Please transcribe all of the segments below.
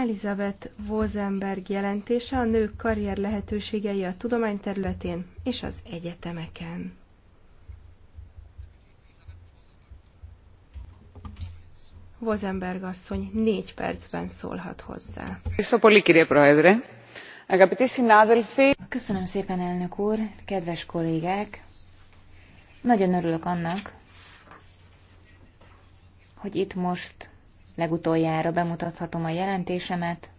Elizabeth Wozenberg jelentése a nők karrier lehetőségei a tudományterületén és az egyetemeken. Wozenberg asszony négy percben szólhat hozzá. Köszönöm szépen, elnök úr, kedves kollégák! Nagyon örülök annak, hogy itt most legutoljára bemutathatom a jelentésemet.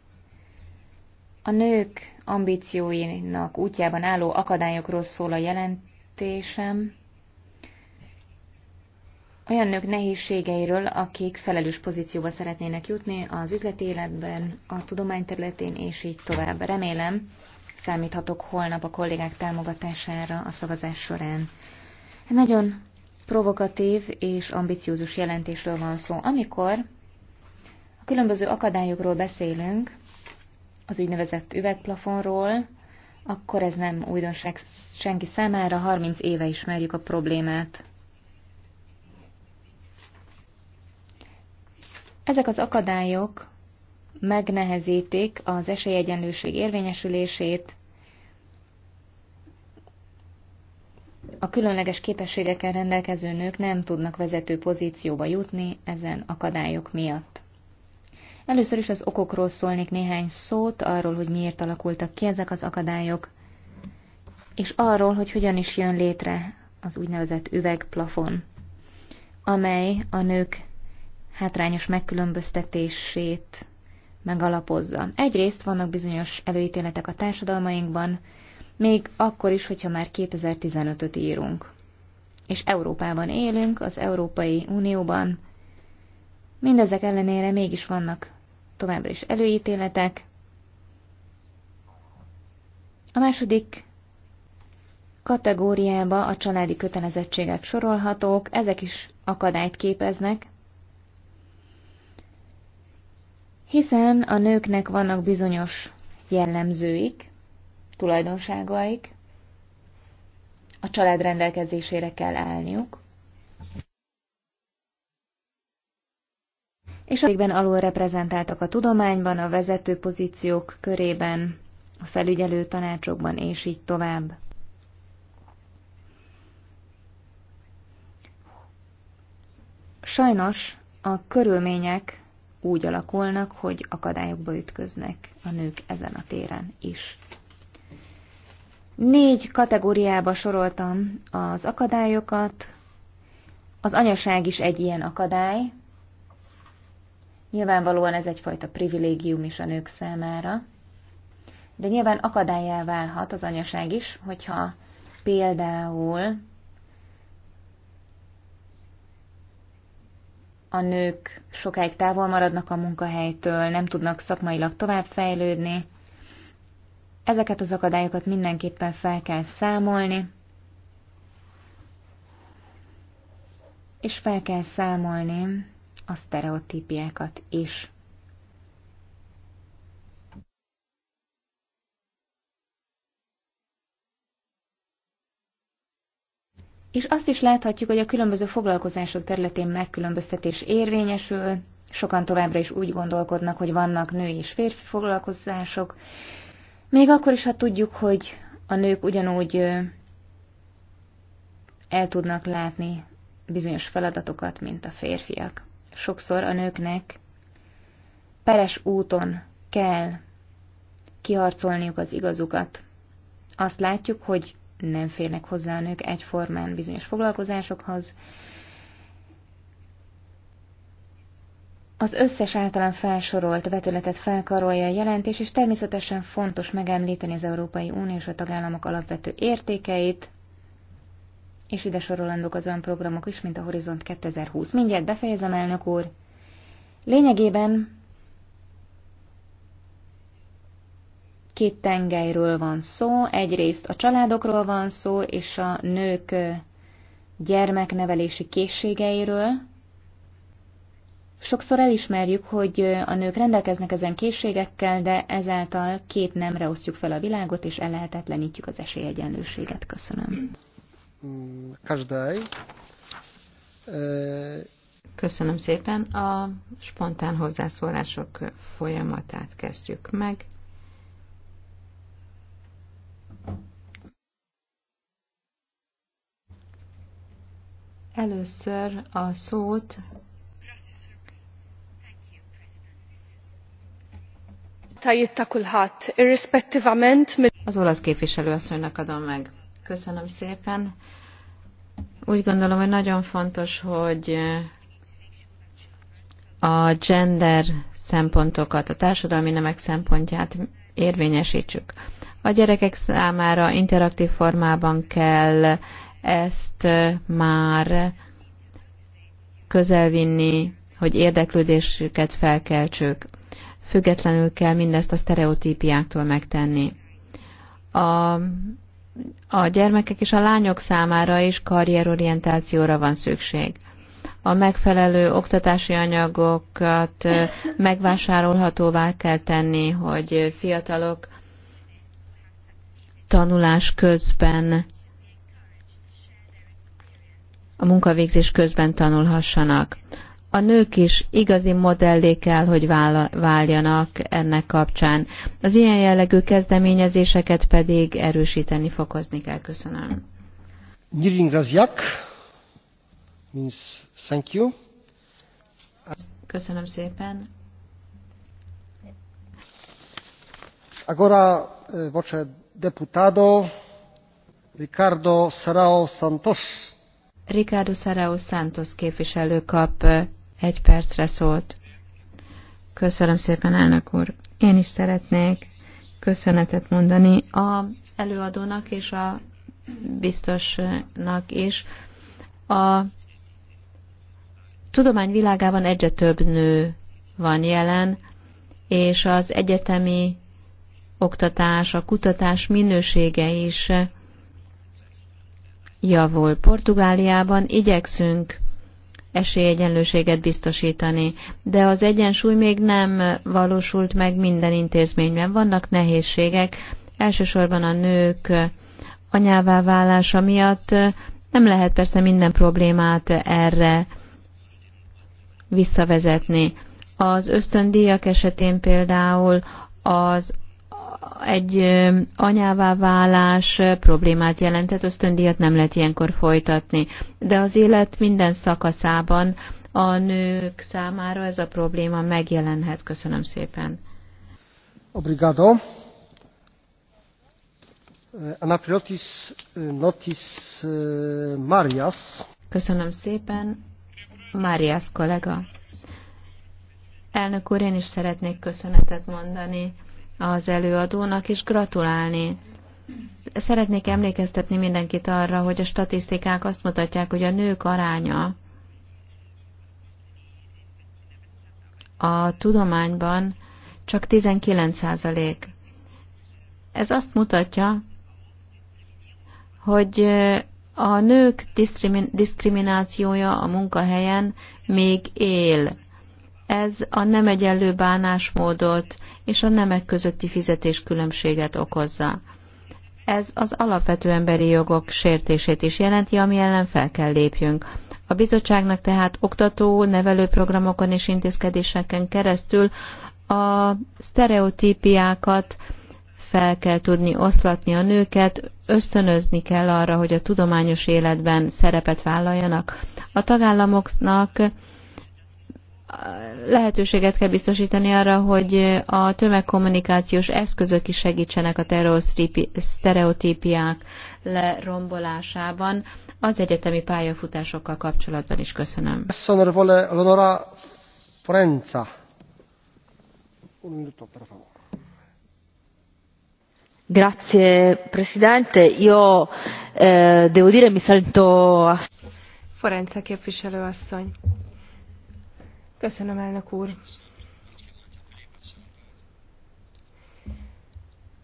A nők ambícióinak útjában álló akadályokról szól a jelentésem, olyan nők nehézségeiről, akik felelős pozícióba szeretnének jutni az üzleti életben, a tudomány területén, és így tovább. Remélem, számíthatok holnap a kollégák támogatására a szavazás során. nagyon provokatív és ambiciózus jelentésről van szó. Amikor különböző akadályokról beszélünk, az úgynevezett üvegplafonról, akkor ez nem újdonság senki számára, 30 éve ismerjük a problémát. Ezek az akadályok megnehezítik az esélyegyenlőség érvényesülését, a különleges képességekkel rendelkező nők nem tudnak vezető pozícióba jutni ezen akadályok miatt. Először is az okokról szólnék néhány szót, arról, hogy miért alakultak ki ezek az akadályok, és arról, hogy hogyan is jön létre az úgynevezett üvegplafon, amely a nők hátrányos megkülönböztetését megalapozza. Egyrészt vannak bizonyos előítéletek a társadalmainkban, még akkor is, hogyha már 2015-öt írunk. És Európában élünk, az Európai Unióban. Mindezek ellenére mégis vannak továbbra is előítéletek. A második kategóriába a családi kötelezettségek sorolhatók, ezek is akadályt képeznek, hiszen a nőknek vannak bizonyos jellemzőik, tulajdonságaik, a család rendelkezésére kell állniuk, és addigben alul reprezentáltak a tudományban, a vezető pozíciók körében, a felügyelő tanácsokban, és így tovább. Sajnos a körülmények úgy alakulnak, hogy akadályokba ütköznek a nők ezen a téren is. Négy kategóriába soroltam az akadályokat. Az anyaság is egy ilyen akadály, Nyilvánvalóan ez egyfajta privilégium is a nők számára, de nyilván akadályá válhat az anyaság is, hogyha például a nők sokáig távol maradnak a munkahelytől, nem tudnak szakmailag továbbfejlődni. Ezeket az akadályokat mindenképpen fel kell számolni, és fel kell számolni a sztereotípiákat is. És azt is láthatjuk, hogy a különböző foglalkozások területén megkülönböztetés érvényesül, sokan továbbra is úgy gondolkodnak, hogy vannak női és férfi foglalkozások, még akkor is, ha tudjuk, hogy a nők ugyanúgy el tudnak látni bizonyos feladatokat, mint a férfiak sokszor a nőknek peres úton kell kiharcolniuk az igazukat. Azt látjuk, hogy nem férnek hozzá a nők egyformán bizonyos foglalkozásokhoz. Az összes általán felsorolt vetületet felkarolja a jelentés, és természetesen fontos megemlíteni az Európai Unió és a tagállamok alapvető értékeit, és ide sorolandók az olyan programok is, mint a Horizont 2020. Mindjárt befejezem, elnök úr. Lényegében két tengelyről van szó, egyrészt a családokról van szó, és a nők gyermeknevelési készségeiről. Sokszor elismerjük, hogy a nők rendelkeznek ezen készségekkel, de ezáltal két nemre osztjuk fel a világot, és ellehetetlenítjük az esélyegyenlőséget. Köszönöm každej. Köszönöm szépen. A spontán hozzászólások folyamatát kezdjük meg. Először a szót az olasz képviselőasszonynak adom meg. Köszönöm szépen. Úgy gondolom, hogy nagyon fontos, hogy a gender szempontokat, a társadalmi nemek szempontját érvényesítsük. A gyerekek számára interaktív formában kell ezt már közelvinni, hogy érdeklődésüket felkeltsük. Függetlenül kell mindezt a sztereotípiáktól megtenni. A a gyermekek és a lányok számára is karrierorientációra van szükség. A megfelelő oktatási anyagokat megvásárolhatóvá kell tenni, hogy fiatalok tanulás közben, a munkavégzés közben tanulhassanak a nők is igazi modellé kell, hogy váljanak ennek kapcsán. Az ilyen jellegű kezdeményezéseket pedig erősíteni, fokozni kell. Köszönöm. means thank you. Köszönöm szépen. Agora e, voce deputado Ricardo Sarao Santos. Ricardo Sarao Santos képviselő kap egy percre szólt. Köszönöm szépen, elnök úr. Én is szeretnék köszönetet mondani az előadónak és a biztosnak is. A tudomány világában egyre több nő van jelen, és az egyetemi oktatás, a kutatás minősége is javul. Portugáliában igyekszünk esélyegyenlőséget biztosítani. De az egyensúly még nem valósult meg minden intézményben. Vannak nehézségek, elsősorban a nők anyává válása miatt nem lehet persze minden problémát erre visszavezetni. Az ösztöndíjak esetén például az egy anyává válás problémát jelentett, ösztöndíjat nem lehet ilyenkor folytatni. De az élet minden szakaszában a nők számára ez a probléma megjelenhet. Köszönöm szépen. Obrigado. Eh, Anapriotis eh, Notis eh, Marias. Köszönöm szépen. Marias kollega. Elnök úr, én is szeretnék köszönetet mondani az előadónak, és gratulálni. Szeretnék emlékeztetni mindenkit arra, hogy a statisztikák azt mutatják, hogy a nők aránya a tudományban csak 19 százalék. Ez azt mutatja, hogy a nők diszkriminációja a munkahelyen még él ez a nem egyenlő bánásmódot és a nemek közötti fizetéskülönbséget okozza. Ez az alapvető emberi jogok sértését is jelenti, ami ellen fel kell lépjünk. A bizottságnak tehát oktató, nevelő programokon és intézkedéseken keresztül a sztereotípiákat fel kell tudni oszlatni a nőket, ösztönözni kell arra, hogy a tudományos életben szerepet vállaljanak. A tagállamoknak lehetőséget kell biztosítani arra, hogy a tömegkommunikációs eszközök is segítsenek a sztereotípiák lerombolásában az egyetemi pályafutásokkal kapcsolatban is köszönöm. Grazie Presidente, io eh, devo dire mi sento... Forenza képviselő asszony. Köszönöm, elnök úr.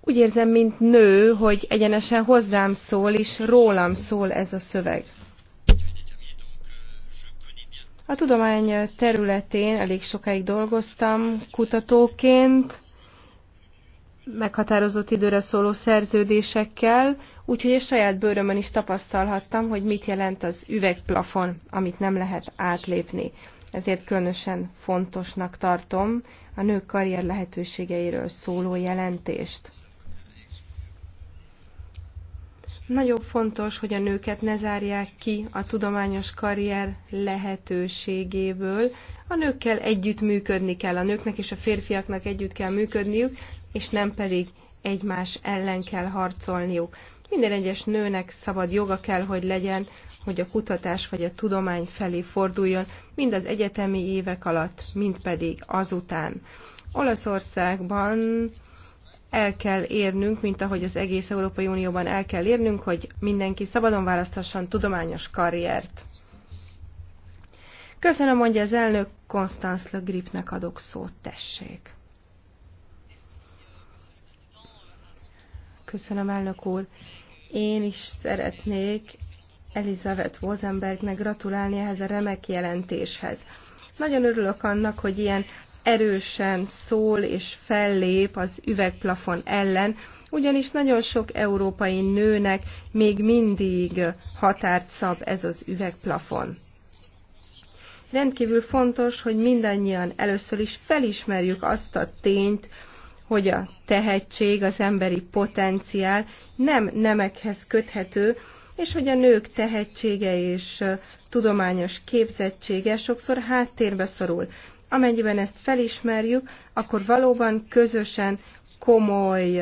Úgy érzem, mint nő, hogy egyenesen hozzám szól, és rólam szól ez a szöveg. A tudomány területén elég sokáig dolgoztam kutatóként, meghatározott időre szóló szerződésekkel, úgyhogy a saját bőrömön is tapasztalhattam, hogy mit jelent az üvegplafon, amit nem lehet átlépni ezért különösen fontosnak tartom a nők karrier lehetőségeiről szóló jelentést. Nagyon fontos, hogy a nőket ne zárják ki a tudományos karrier lehetőségéből. A nőkkel együtt működni kell, a nőknek és a férfiaknak együtt kell működniük, és nem pedig egymás ellen kell harcolniuk. Minden egyes nőnek szabad joga kell, hogy legyen, hogy a kutatás vagy a tudomány felé forduljon, mind az egyetemi évek alatt, mind pedig azután. Olaszországban el kell érnünk, mint ahogy az egész Európai Unióban el kell érnünk, hogy mindenki szabadon választhasson tudományos karriert. Köszönöm, mondja az elnök, Konstanz Le Gripnek adok szót, tessék. Köszönöm, elnök úr. Én is szeretnék Elizabeth Wozenbergnek gratulálni ehhez a remek jelentéshez. Nagyon örülök annak, hogy ilyen erősen szól és fellép az üvegplafon ellen, ugyanis nagyon sok európai nőnek még mindig határt szab ez az üvegplafon. Rendkívül fontos, hogy mindannyian először is felismerjük azt a tényt, hogy a tehetség, az emberi potenciál nem nemekhez köthető, és hogy a nők tehetsége és tudományos képzettsége sokszor háttérbe szorul. Amennyiben ezt felismerjük, akkor valóban közösen komoly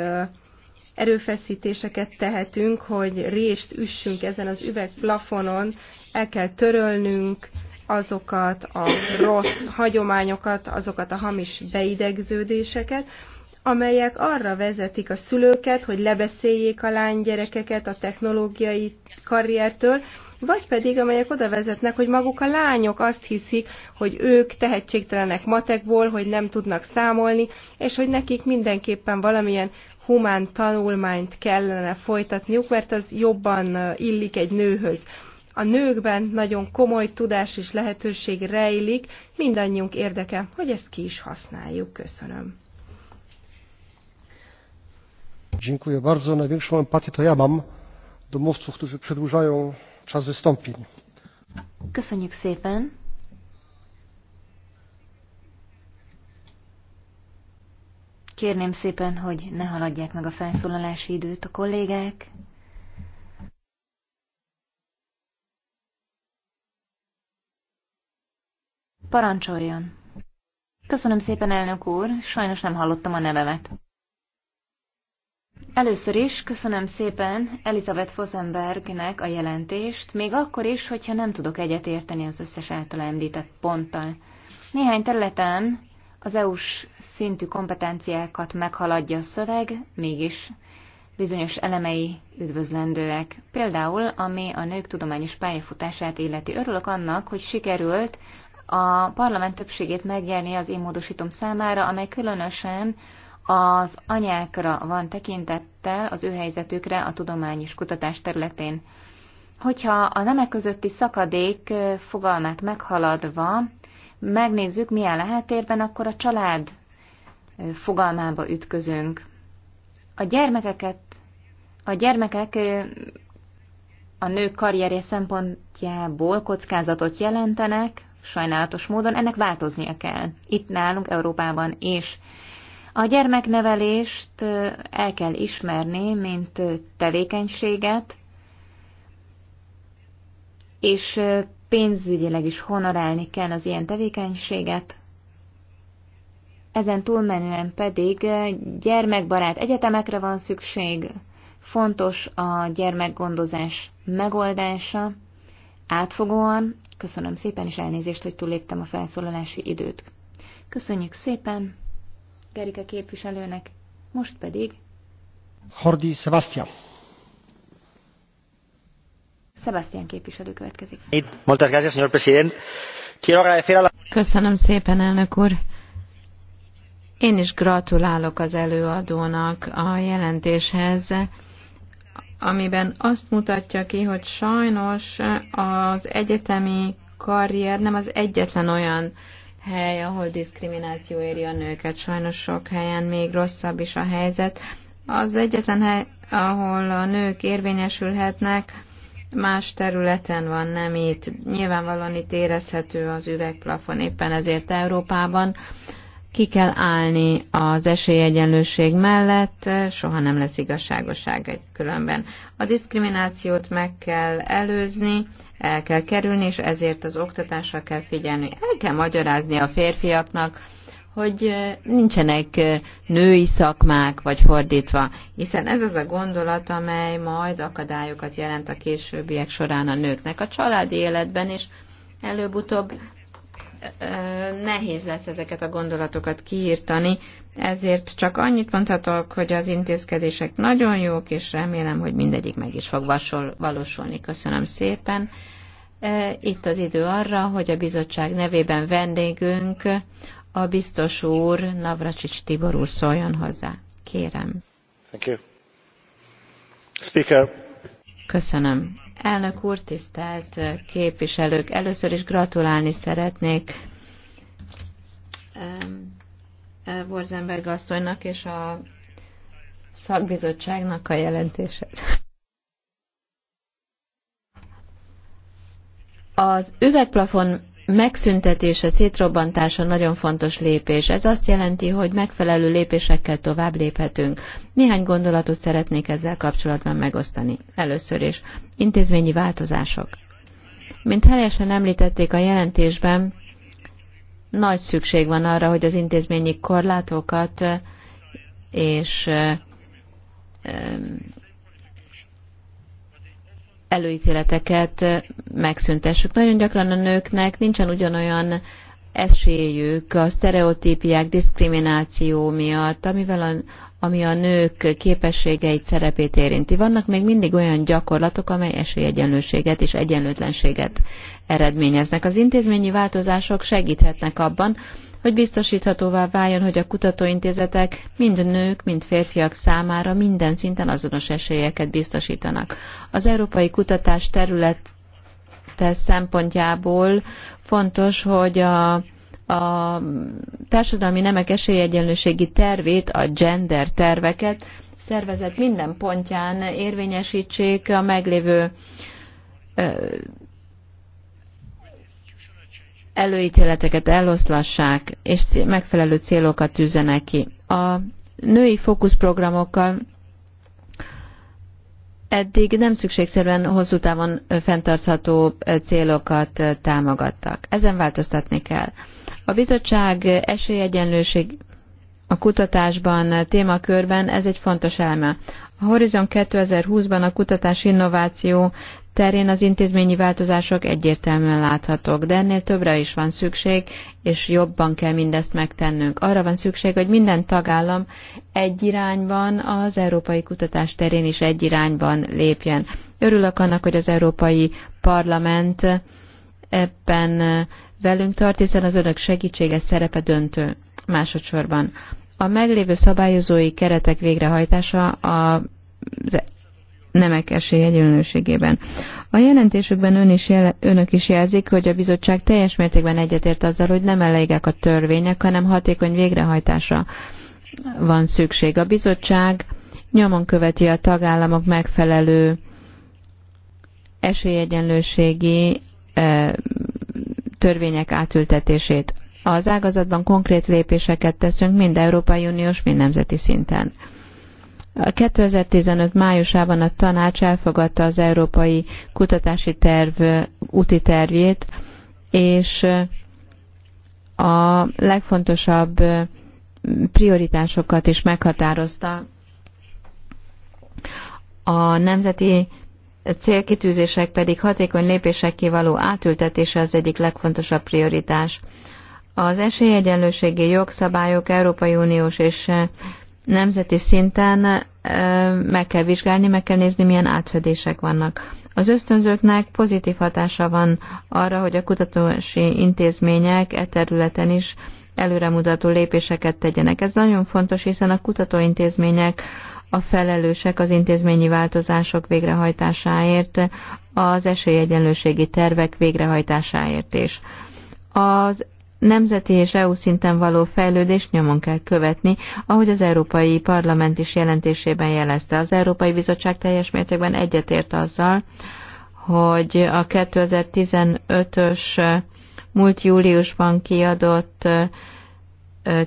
erőfeszítéseket tehetünk, hogy részt üssünk ezen az üvegplafonon, el kell törölnünk azokat a rossz hagyományokat, azokat a hamis beidegződéseket, amelyek arra vezetik a szülőket, hogy lebeszéljék a lánygyerekeket a technológiai karriertől, vagy pedig amelyek oda vezetnek, hogy maguk a lányok azt hiszik, hogy ők tehetségtelenek matekból, hogy nem tudnak számolni, és hogy nekik mindenképpen valamilyen humán tanulmányt kellene folytatniuk, mert az jobban illik egy nőhöz. A nőkben nagyon komoly tudás és lehetőség rejlik, mindannyiunk érdeke, hogy ezt ki is használjuk. Köszönöm. Dziękuję bardzo. Największą empatię to ja mam do mówców, którzy przedłużają czas wystąpień. Köszönjük szépen. Kérném szépen, hogy ne haladják meg a felszólalási időt a kollégák. Parancsoljon! Köszönöm szépen, elnök úr, sajnos nem hallottam a nevemet. Először is köszönöm szépen Elizabeth Fosenbergnek a jelentést, még akkor is, hogyha nem tudok egyetérteni az összes által említett ponttal. Néhány területen az EU-s szintű kompetenciákat meghaladja a szöveg, mégis bizonyos elemei üdvözlendőek. Például, ami a nők tudományos pályafutását illeti. Örülök annak, hogy sikerült a parlament többségét megjelni az én módosítom számára, amely különösen az anyákra van tekintettel, az ő helyzetükre a tudományos kutatás területén. Hogyha a nemek közötti szakadék fogalmát meghaladva megnézzük, milyen áll akkor a család fogalmába ütközünk. A gyermekeket, a gyermekek a nők karrierje szempontjából kockázatot jelentenek, sajnálatos módon ennek változnia kell. Itt nálunk Európában és a gyermeknevelést el kell ismerni, mint tevékenységet, és pénzügyileg is honorálni kell az ilyen tevékenységet. Ezen túlmenően pedig gyermekbarát egyetemekre van szükség, fontos a gyermekgondozás megoldása. Átfogóan köszönöm szépen, és elnézést, hogy túléptem a felszólalási időt. Köszönjük szépen! Gerike képviselőnek, most pedig... Hordi Sebastian. Sebastian képviselő következik. Moltes gracias, señor president. Quiero agradecer a la... Köszönöm szépen, elnök úr. Én is gratulálok az előadónak a jelentéshez, amiben azt mutatja ki, hogy sajnos az egyetemi karrier nem az egyetlen olyan hely, ahol diszkrimináció éri a nőket. Sajnos sok helyen még rosszabb is a helyzet. Az egyetlen hely, ahol a nők érvényesülhetnek, más területen van, nem itt. Nyilvánvalóan itt érezhető az üvegplafon, éppen ezért Európában ki kell állni az esélyegyenlőség mellett, soha nem lesz igazságoság egy különben. A diszkriminációt meg kell előzni, el kell kerülni, és ezért az oktatásra kell figyelni. El kell magyarázni a férfiaknak, hogy nincsenek női szakmák, vagy fordítva, hiszen ez az a gondolat, amely majd akadályokat jelent a későbbiek során a nőknek a családi életben, és előbb-utóbb nehéz lesz ezeket a gondolatokat kiírtani, ezért csak annyit mondhatok, hogy az intézkedések nagyon jók, és remélem, hogy mindegyik meg is fog valósulni. Köszönöm szépen. Itt az idő arra, hogy a bizottság nevében vendégünk, a biztos úr, Navracsics Tibor úr szóljon hozzá. Kérem. Thank you. Speaker. Köszönöm. Elnök úr, tisztelt képviselők! Először is gratulálni szeretnék Borzenberg asszonynak és a szakbizottságnak a jelentéshez. Az üvegplafon megszüntetése, szétrobbantása nagyon fontos lépés. Ez azt jelenti, hogy megfelelő lépésekkel tovább léphetünk. Néhány gondolatot szeretnék ezzel kapcsolatban megosztani. Először is, intézményi változások. Mint helyesen említették a jelentésben, nagy szükség van arra, hogy az intézményi korlátokat és előítéleteket megszüntessük. Nagyon gyakran a nőknek nincsen ugyanolyan esélyük a sztereotípiák, diszkrimináció miatt, amivel a, ami a nők képességeit, szerepét érinti. Vannak még mindig olyan gyakorlatok, amely esélyegyenlőséget és egyenlőtlenséget eredményeznek. Az intézményi változások segíthetnek abban, hogy biztosíthatóvá váljon, hogy a kutatóintézetek mind nők, mind férfiak számára minden szinten azonos esélyeket biztosítanak. Az európai kutatás terület szempontjából fontos, hogy a a társadalmi nemek esélyegyenlőségi tervét, a gender terveket szervezet minden pontján érvényesítsék a meglévő előítéleteket eloszlassák, és megfelelő célokat tűzenek ki. A női fókuszprogramokkal eddig nem szükségszerűen hosszú távon fenntartható célokat támogattak. Ezen változtatni kell. A bizottság esélyegyenlőség a kutatásban, a témakörben ez egy fontos eleme. A Horizon 2020-ban a kutatás innováció terén az intézményi változások egyértelműen láthatók, de ennél többre is van szükség, és jobban kell mindezt megtennünk. Arra van szükség, hogy minden tagállam egy irányban, az európai kutatás terén is egy irányban lépjen. Örülök annak, hogy az Európai Parlament ebben velünk tart, hiszen az önök segítsége szerepe döntő. Másodszorban a meglévő szabályozói keretek végrehajtása a nemek egyenlőségében. A jelentésükben ön is jel, önök is jelzik, hogy a bizottság teljes mértékben egyetért azzal, hogy nem elégek a törvények, hanem hatékony végrehajtásra van szükség. A bizottság nyomon követi a tagállamok megfelelő esélyegyenlőségi törvények átültetését. Az ágazatban konkrét lépéseket teszünk mind Európai Uniós, mind nemzeti szinten. 2015 májusában a tanács elfogadta az európai kutatási terv úti tervjét, és a legfontosabb prioritásokat is meghatározta a nemzeti célkitűzések pedig hatékony lépésekké való átültetése az egyik legfontosabb prioritás. Az esélyegyenlőségi jogszabályok Európai Uniós és nemzeti szinten meg kell vizsgálni, meg kell nézni, milyen átfedések vannak. Az ösztönzőknek pozitív hatása van arra, hogy a kutatási intézmények e területen is előremutató lépéseket tegyenek. Ez nagyon fontos, hiszen a kutatóintézmények a felelősek az intézményi változások végrehajtásáért, az esélyegyenlőségi tervek végrehajtásáért is. Az nemzeti és EU szinten való fejlődést nyomon kell követni, ahogy az Európai Parlament is jelentésében jelezte. Az Európai Bizottság teljes mértékben egyetért azzal, hogy a 2015-ös múlt júliusban kiadott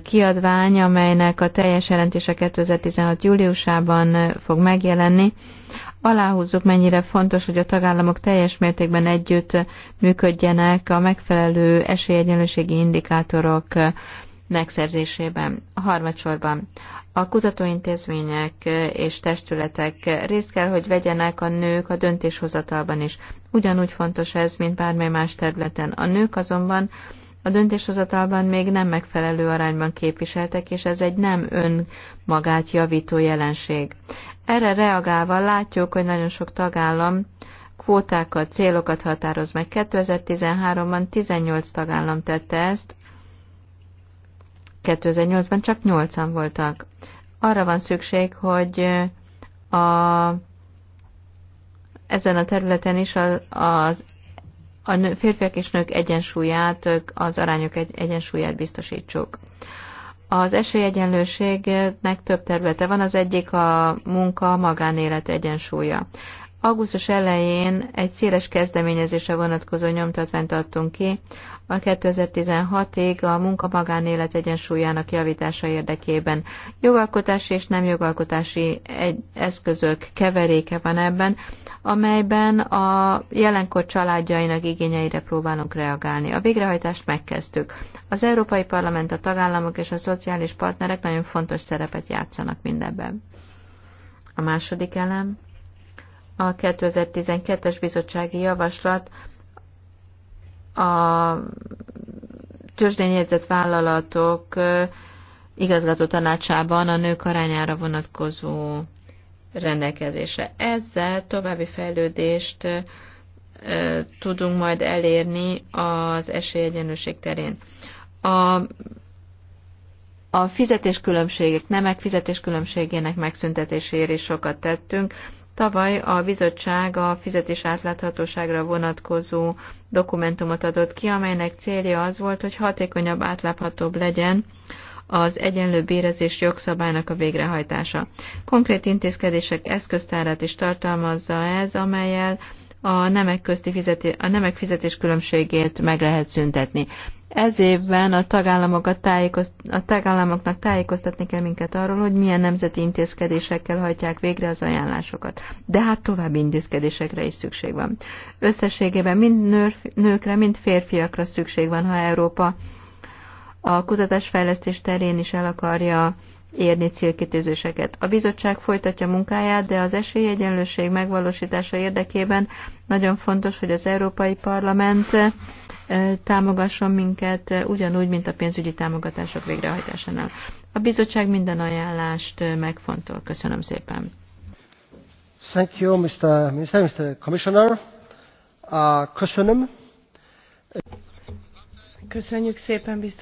kiadvány, amelynek a teljes jelentése 2016. júliusában fog megjelenni, aláhúzzuk, mennyire fontos, hogy a tagállamok teljes mértékben együtt működjenek a megfelelő esélyegyenlőségi indikátorok megszerzésében. A harmadsorban a kutatóintézmények és testületek részt kell, hogy vegyenek a nők a döntéshozatalban is. Ugyanúgy fontos ez, mint bármely más területen. A nők azonban a döntéshozatalban még nem megfelelő arányban képviseltek, és ez egy nem önmagát javító jelenség. Erre reagálva látjuk, hogy nagyon sok tagállam kvótákat, célokat határoz meg. 2013-ban 18 tagállam tette ezt, 2008-ban csak 8-an voltak. Arra van szükség, hogy a, ezen a területen is az, az a férfiak és nők egyensúlyát, az arányok egyensúlyát biztosítsuk. Az esélyegyenlőségnek több területe van, az egyik a munka, a magánélet egyensúlya. Augusztus elején egy széles kezdeményezésre vonatkozó nyomtatványt adtunk ki a 2016-ig a munka-magánélet egyensúlyának javítása érdekében. Jogalkotási és nem jogalkotási eszközök keveréke van ebben, amelyben a jelenkor családjainak igényeire próbálunk reagálni. A végrehajtást megkezdtük. Az Európai Parlament, a tagállamok és a szociális partnerek nagyon fontos szerepet játszanak mindebben. A második elem a 2012-es bizottsági javaslat a tőzsdén vállalatok igazgató tanácsában a nők arányára vonatkozó rendelkezése. Ezzel további fejlődést tudunk majd elérni az esélyegyenlőség terén. A a fizetéskülönbségek, nemek fizetéskülönbségének megszüntetéséért is sokat tettünk. Tavaly a bizottság a fizetés átláthatóságra vonatkozó dokumentumot adott ki, amelynek célja az volt, hogy hatékonyabb, átláthatóbb legyen az egyenlő bérezés jogszabálynak a végrehajtása. Konkrét intézkedések eszköztárát is tartalmazza ez, amelyel a nemek, közti fizeti, a nemek fizetés különbségét meg lehet szüntetni. Ez évben a, tagállamokat tájékozt, a tagállamoknak tájékoztatni kell minket arról, hogy milyen nemzeti intézkedésekkel hajtják végre az ajánlásokat. De hát további intézkedésekre is szükség van. Összességében mind nőf, nőkre, mind férfiakra szükség van, ha Európa a kutatásfejlesztés terén is el akarja érni célkitűzéseket. A bizottság folytatja munkáját, de az esélyegyenlőség megvalósítása érdekében nagyon fontos, hogy az Európai Parlament eh, támogasson minket, eh, ugyanúgy, mint a pénzügyi támogatások végrehajtásánál. A bizottság minden ajánlást eh, megfontol. Köszönöm szépen. Thank you, Mr. Minister, Mr. Commissioner. Uh, köszönöm. Köszönjük szépen, biztos.